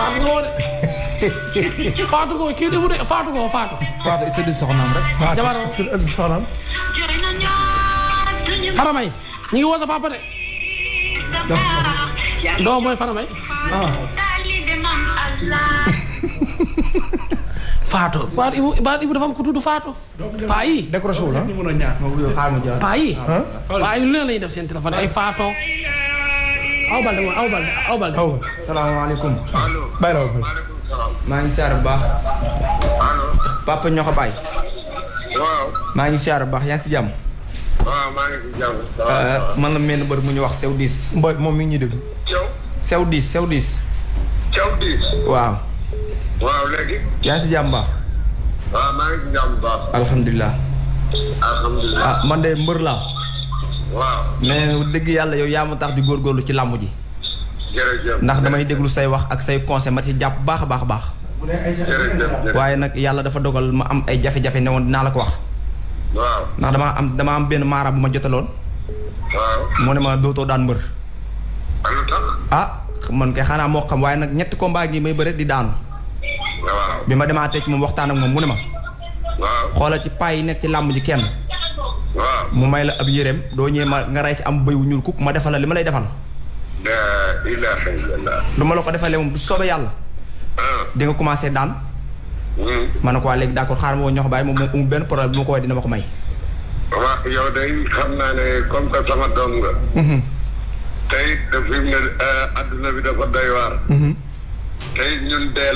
faatu nga woo de faatu ko kii defu faatu ko faatu. faatu est-ce que du soxnaam rek. ngi woo sa de. doo mooy Faramay. ah. Faatu. Ba Ba dafa am ku tudd Faatu. paa ah. ah. lu ne lañuy def seen téléphone ay Faatoo. aw balde aw balde aw balde. aw balde maa ngi siyaar bu baax. papa ñoo ko maa ngi siyaar bu baax yaa ngi si jàmm. waaw maa ngi si euh, man la mel mbër mu ñu wax sew diis. mboy moom mi ngi ñuy déglu. sew diis sew diis. sew diis. waaw. yaa ngi si jàmm baax. alhamdulilah. Ah, man de mbër laa. waaw mais dëgg yàlla yow yaa ma tax di góorlu ci làmb ji. ndax damay déglu say wax ak say conseil ma ci jàpp baax a baax a baax. waaye nag yàlla dafa dogal ma am ay jafe-jafe ne woon dinaa la ko wax. ndax damaa am damaa am benn maara bu ma jotaloon. waaw moo ne ma dootoo daan mbër. ah man kay xanaa moo xam waaye nag ñetti combat gi may bëre di daanu. bi ma demaatee ci moom waxtaan ak moom mu ne ma. waaw xoolal ci paa yi nekk ci làmb ji kenn. waaw mu may la ab yéreem doo ñëwee ma nga ray ci am béy wu ñuul kuk ma defal li ma lay defal. laa ilaaha illallaah. la ko defalee moom du soobee yàlla. Ah. di nga commencé daan. ma ne ko waa léegi d' accord xaaral ma woo ñox baay moom moom benn problème bu ma ko waxee dina ma ko may. Mhm. Euh, mhm. a.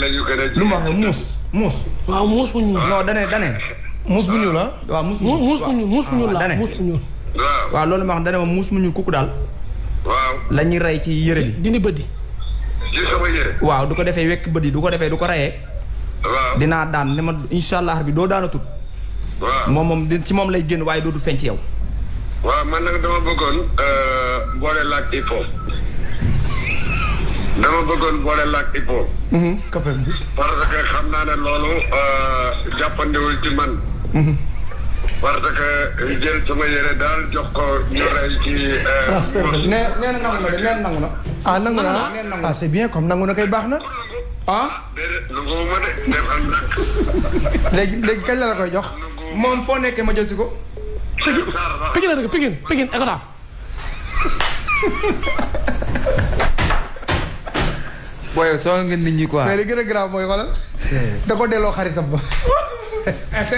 lu ma wax muus muus. waaw muus bu ñu. non dane dane. muus bu ñuul ah. waaw muus bu ñuul muus bu ñuul muus bu ñuul la ah, muus bu ñuul. waaw loolu ma wax dana muus mu ñuul kukku daal. waaw la ñuy rey ci yére bi. dindi bëddi. ji waaw du ko defee wekk bët yi du ko defee du ko reyee. dinaa daan ne ma incha allah bi doo daanatul. waaw moom moom di ci moom lay génn waaye dootul feeñ ci yow. waaw man nag dama bëggoon euh, boole laag hip hop dama bëggoon boole laak hip-hop. Mhm, kapel bi. parce que xam naa ne loolu euh, jàppandiwul ci man. Mhm. parce que jël sama yére daal jox ko ñu rey ci. Euh, nee nee na nangu na de nee ah, na nangu ah, na. c'est bien comme nangu na baax na. ah. déedéet nangu ma de koy jox. moom foo nekkee ma jël si ko. Pikine Pikine booy soxla nga nit ñi quoi. mais gën a grave mooy xoolal. da ko delloo xaritam ba.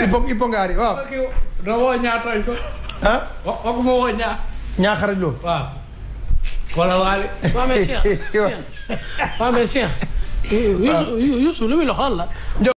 ipo ipo ngaari waaw. doo woo ñaar tooñ ko. ah waxuma waa ñaar. ñaar xarit loo. waaw. lu muy loxo la.